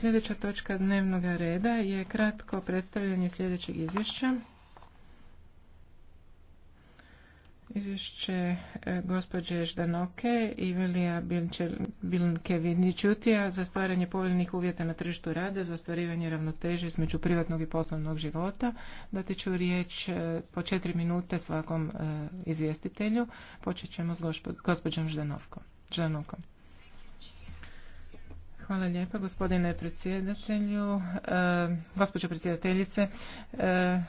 Sljedeća točka dnevnog reda je kratko predstavljanje sljedećeg izvješća. Izvješće e, gospođe Ždanoke i Velija Bilnkevinićutija za stvaranje povoljnih uvjeta na tržištu rada za ostvarivanje ravnoteže između privatnog i poslovnog života. Dati ću riječ e, po četiri minute svakom e, izvjestitelju. Počet ćemo s gospođom Ždanokom. Hvala lijepa gospodine predsjedatelju, e, gospođo predsjedateljice, e,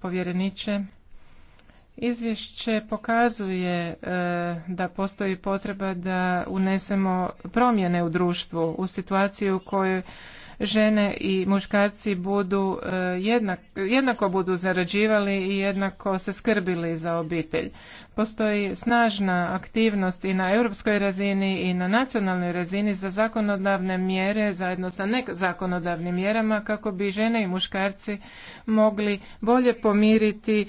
povjereniče. Izvješće pokazuje e, da postoji potreba da unesemo promjene u društvu, u situaciju u kojoj žene i muškarci budu e, jednako budu zarađivali i jednako se skrbili za obitelj. Postoji snažna aktivnost i na europskoj razini i na nacionalnoj razini za zakonodavne mjere zajedno sa zakonodavnim mjerama kako bi žene i muškarci mogli bolje pomiriti e,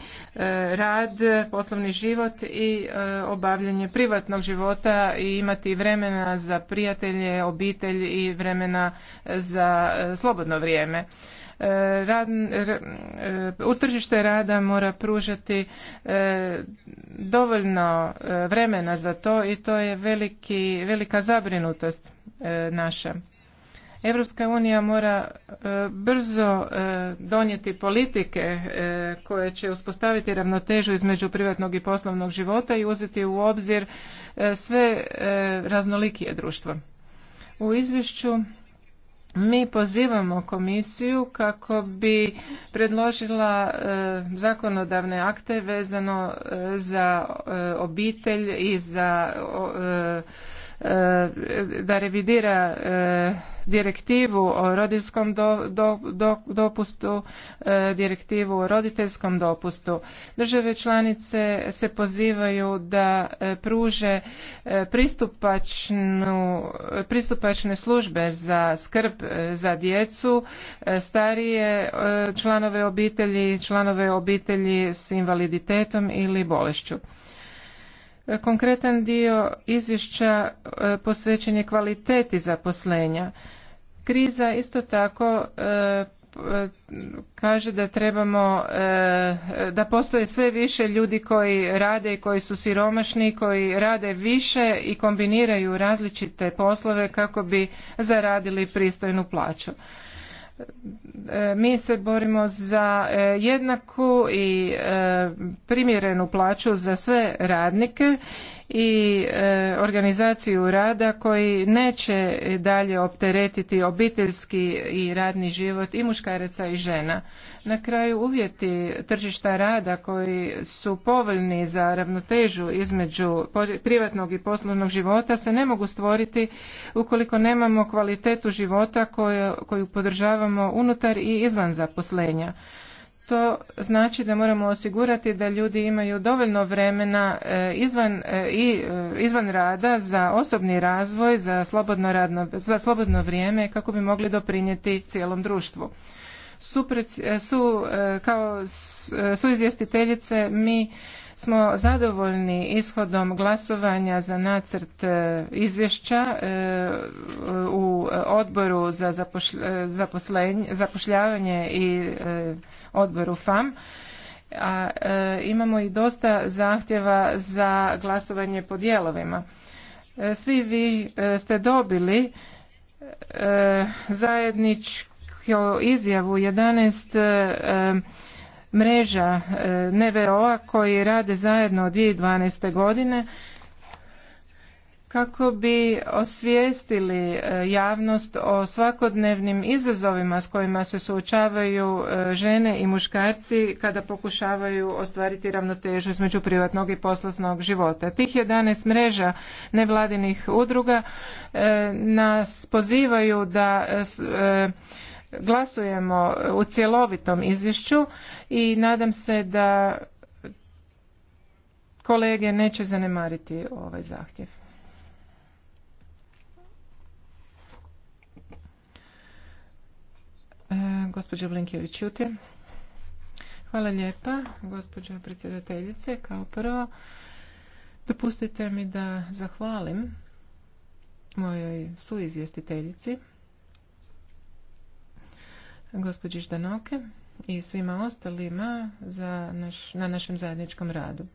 rad, poslovni život i e, obavljanje privatnog života i imati vremena za prijatelje, obitelj i vremena za E, slobodno vrijeme. E, rad, e, tržište rada mora pružati dovoljno vremena za to i to je veliki, velika zabrinutost naša. Europska unija mora brzo donijeti politike koje će uspostaviti ravnotežu između privatnog i poslovnog života i uzeti u obzir sve raznolikije društvo. U izvješću mi pozivamo komisiju kako bi predložila e, zakonodavne akte vezano e, za e, obitelj i za E, da revidira e, direktivu o rodinskom do, do, do, dopustu, e, direktivu o roditeljskom dopustu. Države članice se pozivaju da pruže pristupačne službe za skrb za djecu, starije članove obitelji, članove obitelji s invaliditetom ili bolešću. Konkretan dio izvješća e, posvećen je kvaliteti zaposlenja. Kriza isto tako e, e, kaže da trebamo da postoje sve više ljudi koji rade i koji su siromašni, koji rade više i kombiniraju različite poslove kako bi zaradili pristojnu plaću. E, mi se borimo za e, jednaku i e, primjerenu plaću za sve radnike i e, organizaciju rada koji neće dalje opteretiti obiteljski i radni život i muškaraca i žena. Na kraju uvjeti tržišta rada koji su povoljni za ravnotežu između privatnog i poslovnog života se ne mogu stvoriti ukoliko nemamo kvalitetu života koju podržavamo unutar i izvan zaposlenja to znači da moramo osigurati da ljudi imaju dovoljno vremena e, izvan, e, i e, izvan rada za osobni razvoj, za slobodno, radno, za slobodno vrijeme kako bi mogli doprinijeti cijelom društvu su, e, e, kao e, su izvjestiteljice mi smo zadovoljni ishodom glasovanja za nacrt izvješća u odboru za zapošljavanje i odboru FAM a imamo i dosta zahtjeva za glasovanje po dijelovima svi vi ste dobili zajedničku kao izjavu 11 e, e, mreža e, neveroa koji rade zajedno od 2012. godine kako bi osvijestili javnost o svakodnevnim izazovima s kojima se suočavaju žene i muškarci kada pokušavaju ostvariti ravnotežu između privatnog i poslovnog života. Tih 11 mreža nevladinih udruga nas pozivaju da glasujemo u cjelovitom izvješću i nadam se da kolege neće zanemariti ovaj zahtjev. E, gospođa Hvala lijepa, gospođo predsjedateljice. Kao prvo, dopustite mi da zahvalim mojoj suizvjestiteljici, gospođi Ždanoke i svima ostalima za naš, na našem zajedničkom radu.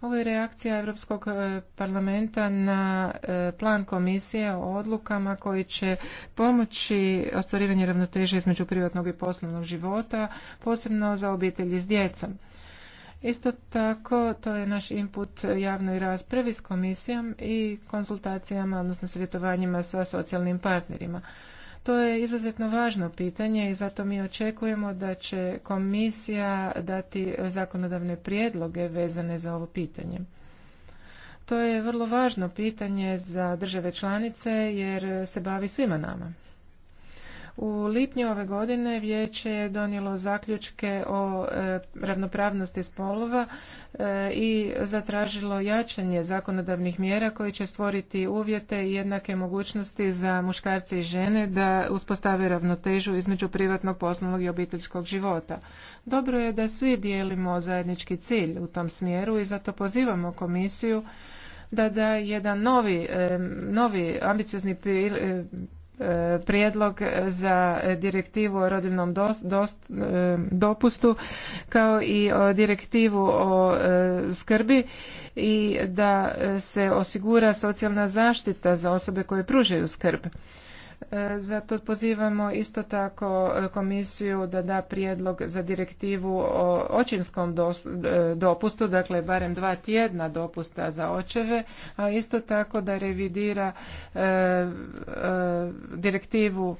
Ovo je reakcija Europskog e, parlamenta na e, plan komisije o odlukama koji će pomoći ostvarivanje ravnoteže između privatnog i poslovnog života, posebno za obitelji s djecom. Isto tako, to je naš input javnoj raspravi s komisijom i konsultacijama, odnosno savjetovanjima sa socijalnim partnerima. To je izuzetno važno pitanje i zato mi očekujemo da će komisija dati zakonodavne prijedloge vezane za ovo pitanje. To je vrlo važno pitanje za države članice jer se bavi svima nama. U lipnju ove godine vijeće je donijelo zaključke o e, ravnopravnosti spolova e, i zatražilo jačanje zakonodavnih mjera koji će stvoriti uvjete i jednake mogućnosti za muškarce i žene da uspostave ravnotežu između privatnog, poslovnog i obiteljskog života. Dobro je da svi dijelimo zajednički cilj u tom smjeru i zato pozivamo komisiju da da jedan novi, e, novi ambiciozni E, prijedlog za direktivu o rodiljnom e, dopustu kao i direktivu o e, skrbi i da se osigura socijalna zaštita za osobe koje pružaju skrb. E, zato pozivamo isto tako e, komisiju da da prijedlog za direktivu o očinskom e, dopustu, dakle barem dva tjedna dopusta za očeve, a isto tako da revidira direktivu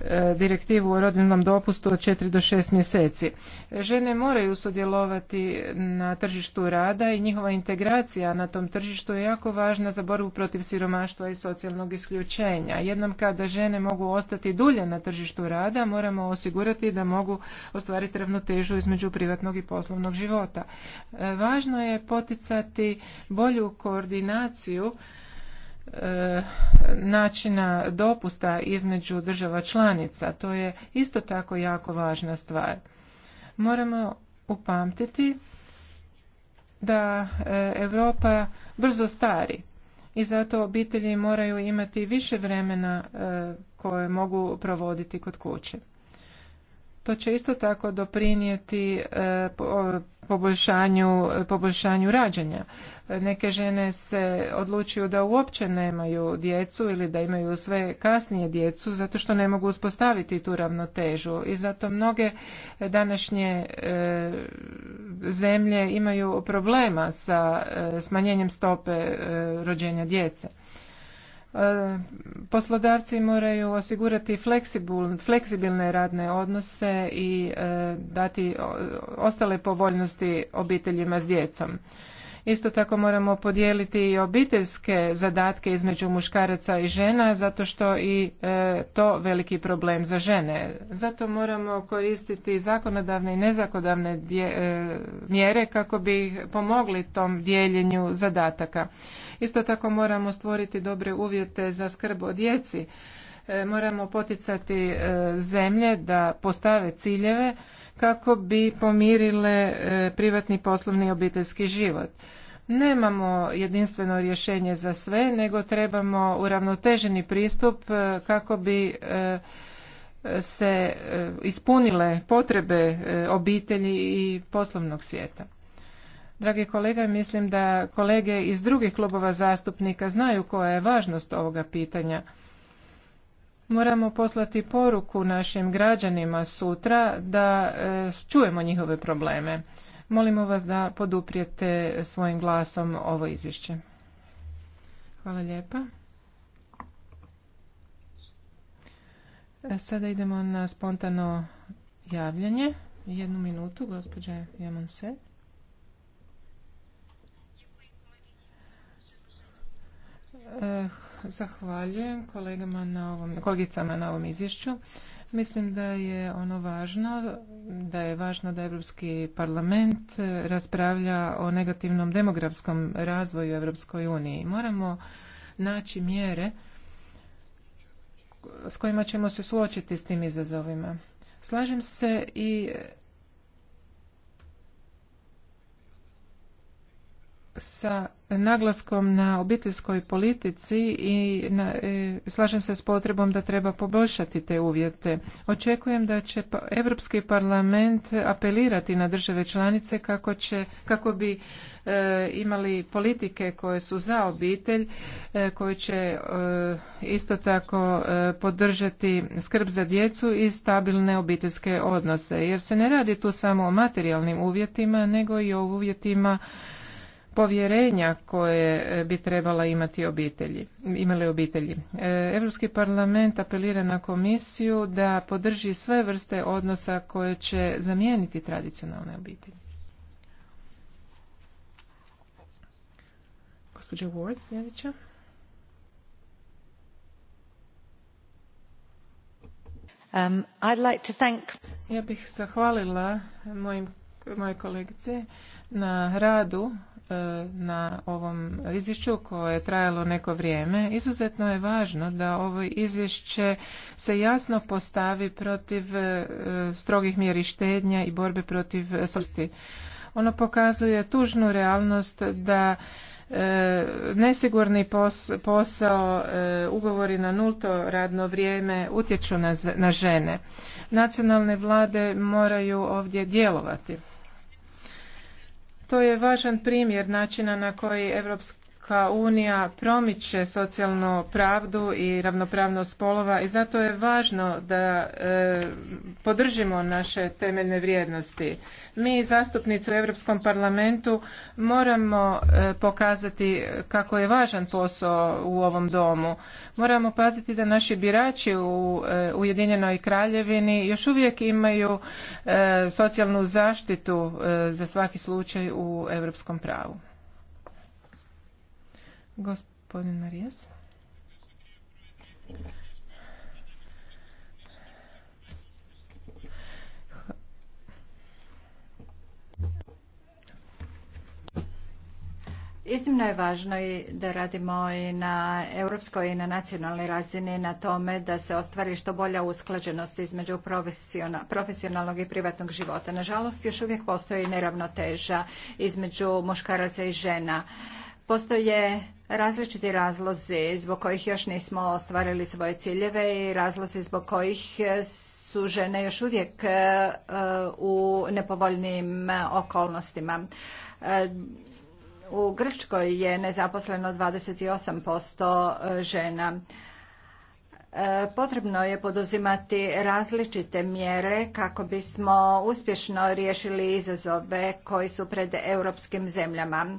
E, direktivu o rodiljnom dopustu od 4 do 6 mjeseci. Žene moraju sudjelovati na tržištu rada i njihova integracija na tom tržištu je jako važna za borbu protiv siromaštva i socijalnog isključenja. Jednom kada žene mogu ostati dulje na tržištu rada, moramo osigurati da mogu ostvariti ravnotežu između privatnog i poslovnog života. E, važno je poticati bolju koordinaciju E, načina dopusta između država članica. To je isto tako jako važna stvar. Moramo upamtiti da e, Europa brzo stari i zato obitelji moraju imati više vremena e, koje mogu provoditi kod kuće. To će isto tako doprinijeti e, poboljšanju, poboljšanju rađanja. Neke žene se odlučuju da uopće nemaju djecu ili da imaju sve kasnije djecu zato što ne mogu uspostaviti tu ravnotežu i zato mnoge današnje e, zemlje imaju problema sa e, smanjenjem stope rođenja djece. E, poslodavci moraju osigurati fleksibilne radne odnose i e, dati ostale povoljnosti obiteljima s djecom. Isto tako moramo podijeliti i obiteljske zadatke između muškaraca i žena zato što i e, to veliki problem za žene. Zato moramo koristiti zakonodavne i nezakonodavne e, mjere kako bi pomogli tom dijeljenju zadataka. Isto tako moramo stvoriti dobre uvjete za skrb o djeci. E, moramo poticati zemlje da postave ciljeve kako bi pomirile e, privatni, poslovni i obiteljski život. Nemamo jedinstveno rješenje za sve, nego trebamo uravnoteženi pristup e, kako bi e, se ispunile potrebe obitelji i poslovnog svijeta. Dragi kolega, mislim da kolege iz drugih klubova zastupnika znaju koja je važnost ovoga pitanja. Moramo poslati poruku našim građanima sutra da e, čujemo njihove probleme. Molimo vas da poduprijete svojim glasom ovo izvješće. Hvala lijepa. E, sada idemo na spontano javljanje. Jednu minutu, gospođa Hvala. Zahvaljujem kolegama na ovom, kolegicama na ovom izvješću. Mislim da je ono važno, da je važno da Europski parlament raspravlja o negativnom demografskom razvoju Europskoj uniji. Moramo naći mjere s kojima ćemo se suočiti s tim izazovima. Slažem se i sa naglaskom na obiteljskoj politici i na, e, slažem se s potrebom da treba poboljšati te uvjete. Očekujem da će pa, Europski parlament apelirati na države članice kako, će, kako bi e, imali politike koje su za obitelj, e, koje će isto tako podržati skrb za djecu i stabilne obiteljske odnose. Jer se ne radi tu samo o materijalnim uvjetima, nego i o uvjetima povjerenja koje e, bi trebala imati obitelji, imale obitelji. E, Europski parlament apelira na komisiju da podrži sve vrste odnosa koje će zamijeniti tradicionalne obitelji. Um, ja bih zahvalila mojim, moje kolegice na radu na ovom izvješću koje je trajalo neko vrijeme. Izuzetno je važno da ovo izvješće se jasno postavi protiv e, strogih mjeri štednja i borbe protiv srsti. Ono pokazuje tužnu realnost da e, nesigurni posao, e, ugovori na nulto radno vrijeme utječu na žene. Nacionalne vlade moraju ovdje djelovati. To je važan primjer načina na koji Europska Europska unija promiče socijalnu pravdu i ravnopravnost spolova i zato je važno da e, podržimo naše temeljne vrijednosti. Mi zastupnici u Europskom parlamentu moramo e, pokazati kako je važan posao u ovom domu. Moramo paziti da naši birači u e, Ujedinjenoj Kraljevini još uvijek imaju socijalnu zaštitu za svaki slučaj u europskom pravu. Gospodin Marijas. Iznimno je važno i da radimo i na europskoj i na nacionalnoj razini na tome da se ostvari što bolja usklađenost između profesionalnog i privatnog života. Nažalost, još uvijek postoji neravnoteža između muškaraca i žena. Postoje različiti razlozi zbog kojih još nismo ostvarili svoje ciljeve i razlozi zbog kojih su žene još uvijek e, u nepovoljnim okolnostima. E, u Grčkoj je nezaposleno 28% žena. E, potrebno je poduzimati različite mjere kako bismo uspješno riješili izazove koji su pred europskim zemljama.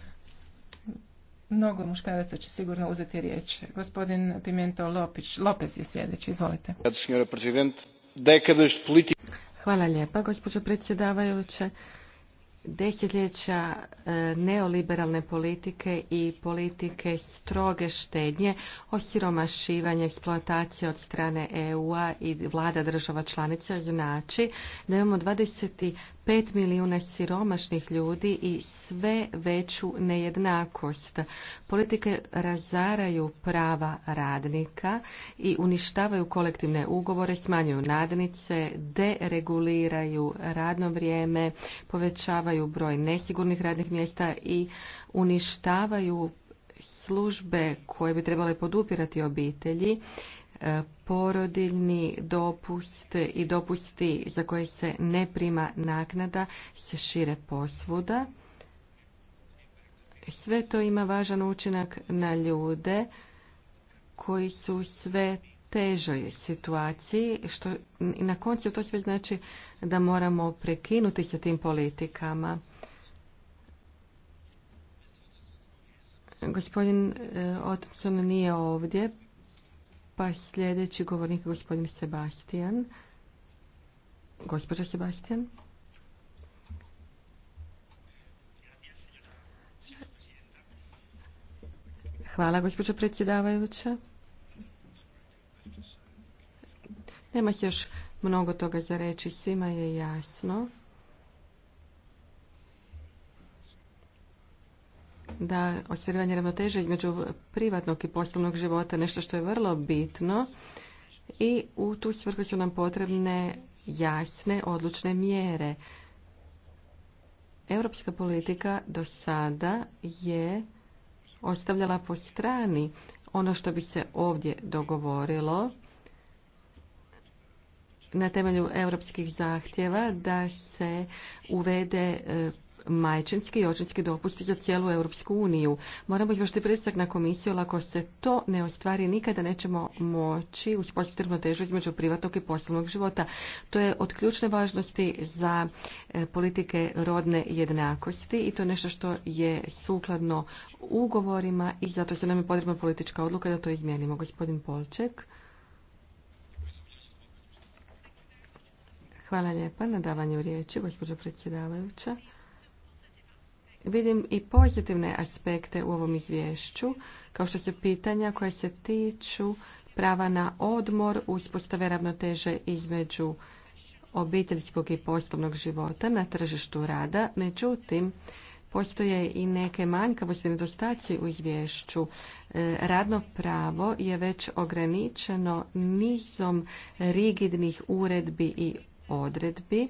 Mnogo muškaraca će sigurno uzeti riječ. Gospodin Pimento Lopić, Lopez je sljedeći, izvolite. Hvala lijepa, gospođo predsjedavajuće. Desetljeća e, neoliberalne politike i politike stroge štednje, osiromašivanje, eksploatacije od strane EU-a i vlada država članica znači da imamo 20 5 milijuna siromašnih ljudi i sve veću nejednakost. Politike razaraju prava radnika i uništavaju kolektivne ugovore, smanjuju nadnice, dereguliraju radno vrijeme, povećavaju broj nesigurnih radnih mjesta i uništavaju službe koje bi trebale podupirati obitelji E, porodiljni dopust i dopusti za koje se ne prima naknada se šire posvuda. Sve to ima važan učinak na ljude koji su sve težoj situaciji što na koncu to sve znači da moramo prekinuti sa tim politikama. Gospodin e, Otcon nije ovdje, pa sljedeći govornik gospodin Sebastian. Gospođa Sebastian. Hvala, gospođo predsjedavajuća. Nema se još mnogo toga za reći, svima je jasno da ostvarivanje ravnoteže između privatnog i poslovnog života nešto što je vrlo bitno i u tu svrhu su nam potrebne jasne, odlučne mjere. Europska politika do sada je ostavljala po strani ono što bi se ovdje dogovorilo na temelju europskih zahtjeva da se uvede e, majčinski i očinski dopusti za cijelu Europsku uniju. Moramo izvršiti pritisak na komisiju, ali ako se to ne ostvari, nikada nećemo moći uspostaviti ravnotežu između privatnog i poslovnog života. To je od ključne važnosti za e, politike rodne jednakosti i to je nešto što je sukladno ugovorima i zato se nam je potrebna politička odluka da to izmijenimo. Gospodin Polček. Hvala lijepa na davanju riječi, gospođo predsjedavajuća. Vidim i pozitivne aspekte u ovom izvješću, kao što su pitanja koja se tiču prava na odmor, uspostave ravnoteže između obiteljskog i poslovnog života na tržištu rada. Međutim, postoje i neke manjkavosti i nedostaci u izvješću. E, radno pravo je već ograničeno nizom rigidnih uredbi i odredbi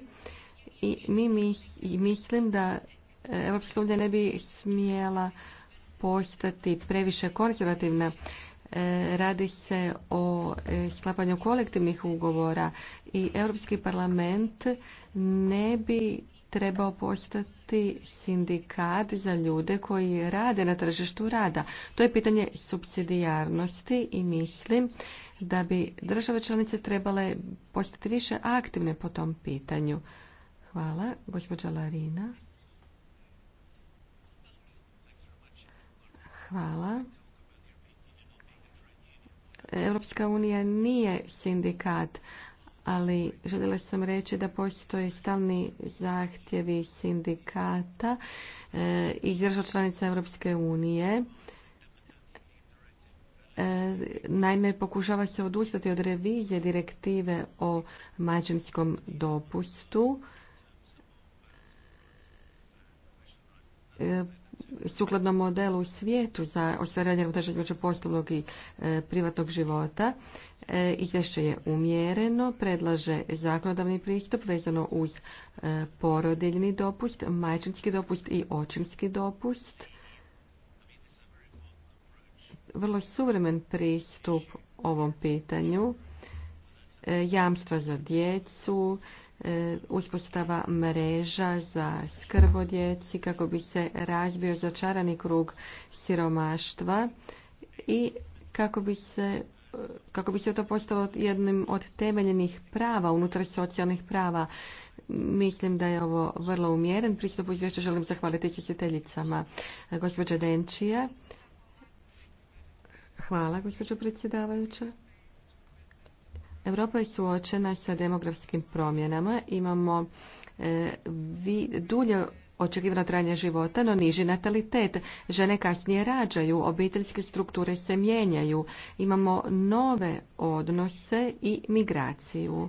i mi mislim da Europska unija ne bi smjela postati previše konzervativna. E, radi se o e, sklapanju kolektivnih ugovora i Europski parlament ne bi trebao postati sindikat za ljude koji rade na tržištu rada. To je pitanje subsidijarnosti i mislim da bi države članice trebale postati više aktivne po tom pitanju. Hvala, gospođa Larina. Hvala. Europska unija nije sindikat, ali željela sam reći da postoje stalni zahtjevi sindikata e, iz država članica Europske unije. E, naime, pokušava se odustati od revizije direktive o mađinskom dopustu e, sukladno modelu u svijetu za ostvarenje ravnoteže između poslovnog i e, privatnog života. E, izvješće je umjereno, predlaže zakonodavni pristup vezano uz e, porodiljni dopust, majčinski dopust i očinski dopust. Vrlo suvremen pristup ovom pitanju, e, jamstva za djecu, E, uspostava mreža za skrb o djeci kako bi se razbio začarani krug siromaštva i kako bi se kako bi se to postalo jednim od temeljenih prava unutar socijalnih prava. Mislim da je ovo vrlo umjeren pristup u izvješću. Želim zahvaliti sjeteljicama e, gospođa Denčija. Hvala, gospođo predsjedavajuća. Europa je suočena sa demografskim promjenama. Imamo e, dulje očekivano trajanje života, no niži natalitet. Žene kasnije rađaju, obiteljske strukture se mijenjaju. Imamo nove odnose i migraciju.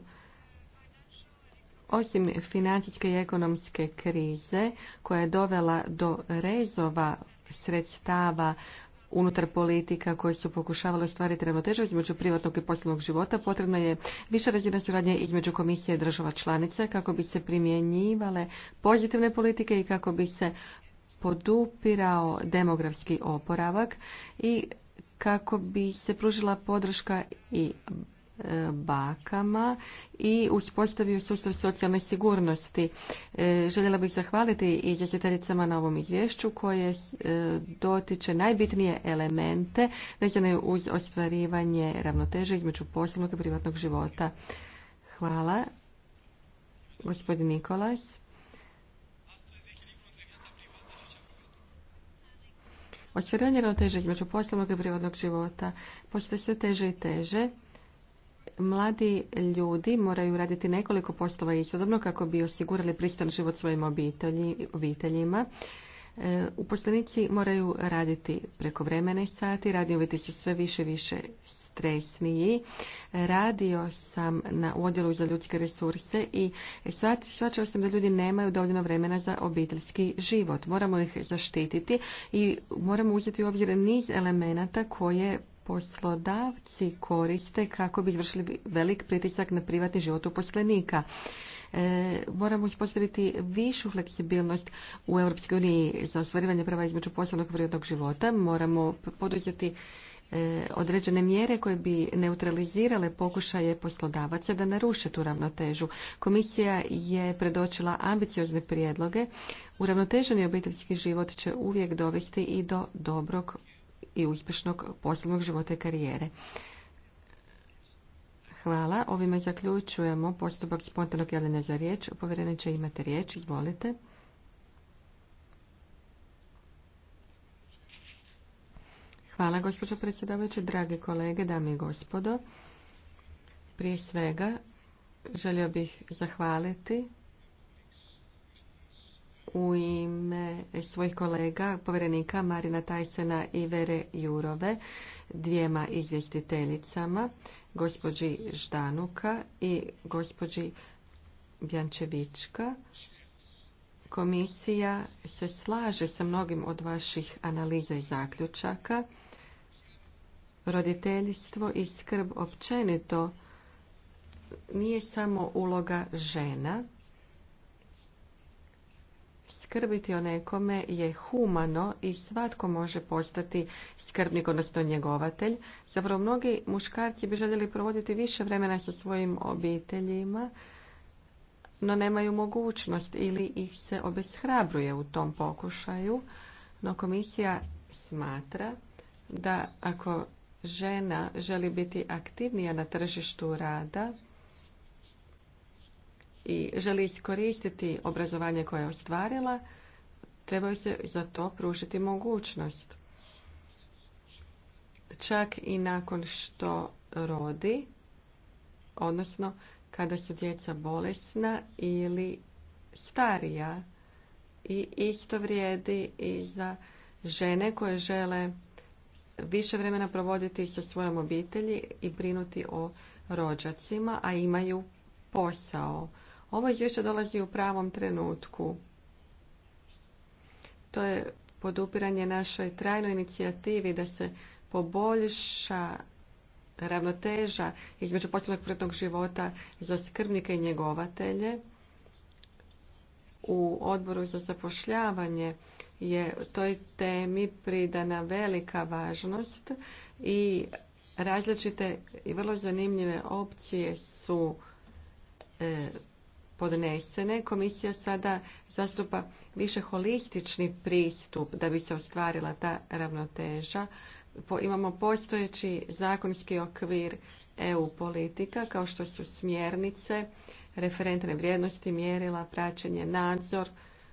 Osim financijske i ekonomske krize koja je dovela do rezova sredstava unutar politika koje su pokušavale ostvariti ravnotežu između privatnog i poslovnog života, potrebna je više razina suradnje između komisije država članica kako bi se primjenjivale pozitivne politike i kako bi se podupirao demografski oporavak i kako bi se pružila podrška i bakama i uspostavio sustav socijalne sigurnosti. E, željela bih zahvaliti izvjestiteljicama na ovom izvješću koje e, dotiče najbitnije elemente vezane uz ostvarivanje ravnoteže između poslovnog i privatnog života. Hvala. Gospodin Nikolas. Ostvarivanje ravnoteže između poslovnog i privatnog života postoje sve teže i teže. Mladi ljudi moraju raditi nekoliko poslova istodobno kako bi osigurali pristan život svojim obiteljima. E, uposlenici moraju raditi prekovremene sati, radni uvjeti su sve više i više stresniji. Radio sam na odjelu za ljudske resurse i shvaćao sam da ljudi nemaju dovoljno vremena za obiteljski život. Moramo ih zaštititi i moramo uzeti u obzir niz elemenata koje poslodavci koriste kako bi izvršili velik pritisak na privatni život uposlenika. E, moramo uspostaviti višu fleksibilnost u EU za ostvarivanje prava između poslovnog i privatnog života. Moramo poduzeti e, određene mjere koje bi neutralizirale pokušaje poslodavaca da naruše tu ravnotežu. Komisija je predočila ambiciozne prijedloge. Uravnoteženi obiteljski život će uvijek dovesti i do dobrog i uspješnog poslovnog života i karijere. Hvala. Ovime zaključujemo postupak spontanog javljanja za riječ. će imate riječ. Izvolite. Hvala, gospođo predsjedavajući, drage kolege, dame i gospodo. Prije svega, želio bih zahvaliti u ime svojih kolega, povjerenika Marina Tajsena i Vere Jurove, dvijema izvjestiteljicama, gospođi Ždanuka i gospođi Bjančevička. Komisija se slaže sa mnogim od vaših analiza i zaključaka. Roditeljstvo i skrb općenito nije samo uloga žena, skrbiti o nekome je humano i svatko može postati skrbnik, odnosno njegovatelj. Zapravo, mnogi muškarci bi željeli provoditi više vremena sa svojim obiteljima, no nemaju mogućnost ili ih se obeshrabruje u tom pokušaju. No komisija smatra da ako žena želi biti aktivnija na tržištu rada, i želi iskoristiti obrazovanje koje je ostvarila, trebaju se za to pružiti mogućnost. Čak i nakon što rodi, odnosno kada su djeca bolesna ili starija i isto vrijedi i za žene koje žele više vremena provoditi sa svojom obitelji i brinuti o rođacima, a imaju posao. Ovo izvješće dolazi u pravom trenutku. To je podupiranje našoj trajnoj inicijativi da se poboljša ravnoteža između posljednog privatnog života za skrbnike i njegovatelje. U odboru za zapošljavanje je toj temi pridana velika važnost i različite i vrlo zanimljive opcije su e, podnesene, komisija sada zastupa više holistični pristup da bi se ostvarila ta ravnoteža. Imamo postojeći zakonski okvir EU politika kao što su smjernice, referentne vrijednosti, mjerila, praćenje, nadzor,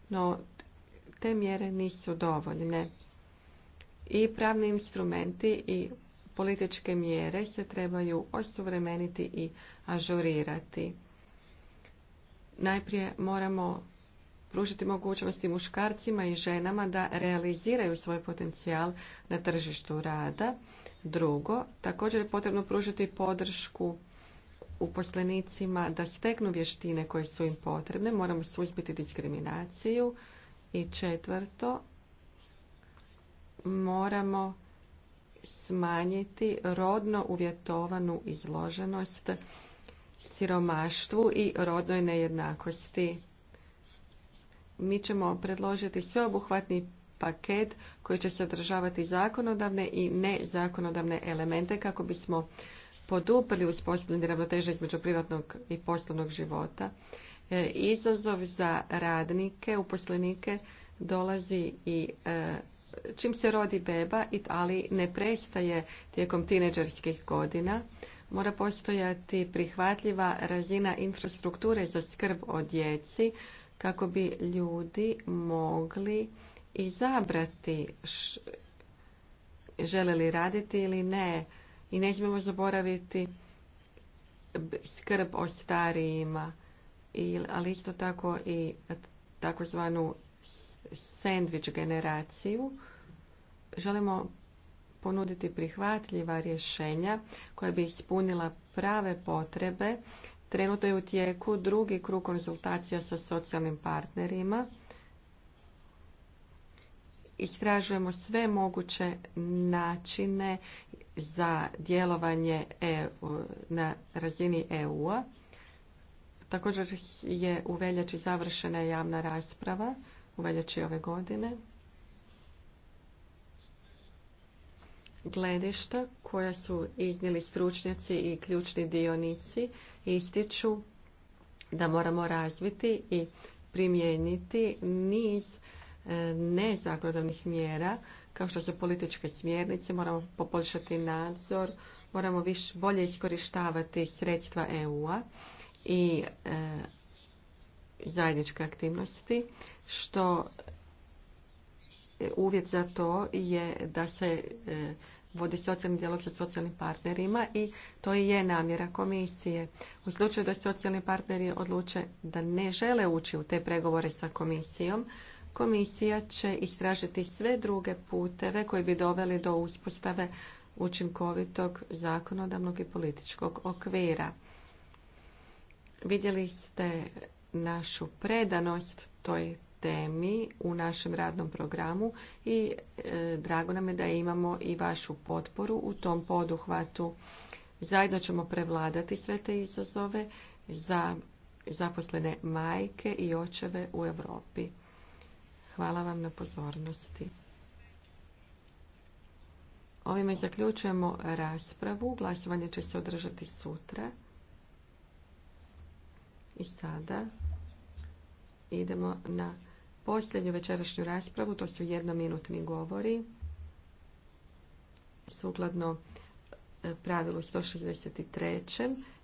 no te mjere nisu dovoljne. I pravni instrumenti i političke mjere se trebaju osuvremeniti i ažurirati. Najprije moramo pružiti mogućnosti muškarcima i ženama da realiziraju svoj potencijal na tržištu rada. Drugo, također je potrebno pružiti podršku uposlenicima da steknu vještine koje su im potrebne. Moramo suzbiti diskriminaciju. I četvrto, moramo smanjiti rodno uvjetovanu izloženost siromaštvu i rodnoj nejednakosti. Mi ćemo predložiti sveobuhvatni paket koji će sadržavati zakonodavne i nezakonodavne elemente kako bismo poduprli uspostavljanje ravnoteže između privatnog i poslovnog života. E, izazov za radnike, uposlenike dolazi i e, čim se rodi beba, ali ne prestaje tijekom tineđerskih godina mora postojati prihvatljiva razina infrastrukture za skrb o djeci kako bi ljudi mogli izabrati š... žele li raditi ili ne. I ne smijemo zaboraviti skrb o starijima, ali isto tako i takozvanu sandwich generaciju. Želimo ponuditi prihvatljiva rješenja koja bi ispunila prave potrebe. Trenutno je u tijeku drugi krug konzultacija sa socijalnim partnerima. Istražujemo sve moguće načine za djelovanje e na razini EU-a. Također je u veljači završena javna rasprava u veljači ove godine. gledišta koja su iznijeli stručnjaci i ključni dionici ističu da moramo razviti i primijeniti niz e, nezakonodavnih mjera kao što su političke smjernice, moramo poboljšati nadzor, moramo više bolje iskorištavati sredstva EU-a i e, zajedničke aktivnosti, što uvjet za to je da se e, vodi socijalni dijalog sa socijalnim partnerima i to i je namjera komisije. U slučaju da socijalni partneri odluče da ne žele ući u te pregovore sa komisijom, komisija će istražiti sve druge puteve koji bi doveli do uspostave učinkovitog zakonodavnog i političkog okvira. Vidjeli ste našu predanost toj temi u našem radnom programu i e, drago nam je da imamo i vašu potporu u tom poduhvatu. Zajedno ćemo prevladati sve te izazove za zaposlene majke i očeve u Europi. Hvala vam na pozornosti. Ovime zaključujemo raspravu. Glasovanje će se održati sutra. I sada idemo na posljednju večerašnju raspravu, to su jednominutni govori, sukladno e, pravilu 163.